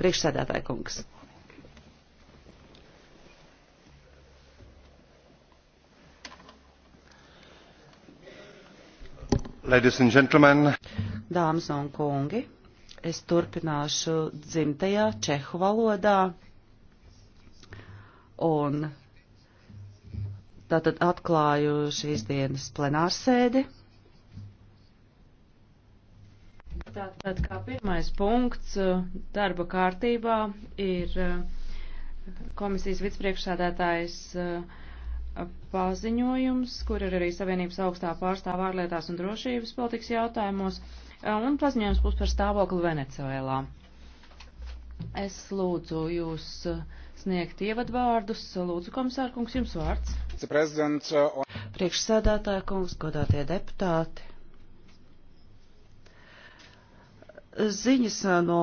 Priekšsēdētāja kungs. Dāmas un kungi, es turpināšu dzimtajā čehu valodā un Tātad atklāju šīs dienas plenārsēdi. Tātad kā pirmais punkts uh, darba kārtībā ir uh, komisijas vicepriekšsādātājs uh, paziņojums, kur ir arī Savienības augstā pārstāvā ārlietās un drošības politikas jautājumos, un paziņojums būs par stāvokli Venecuēlā. Es lūdzu jūs sniegt ievadvārdus. Lūdzu, komisārkungs, jums vārds. Uh, Priekšsēdētāja kungs, godātie deputāti. Ziņas no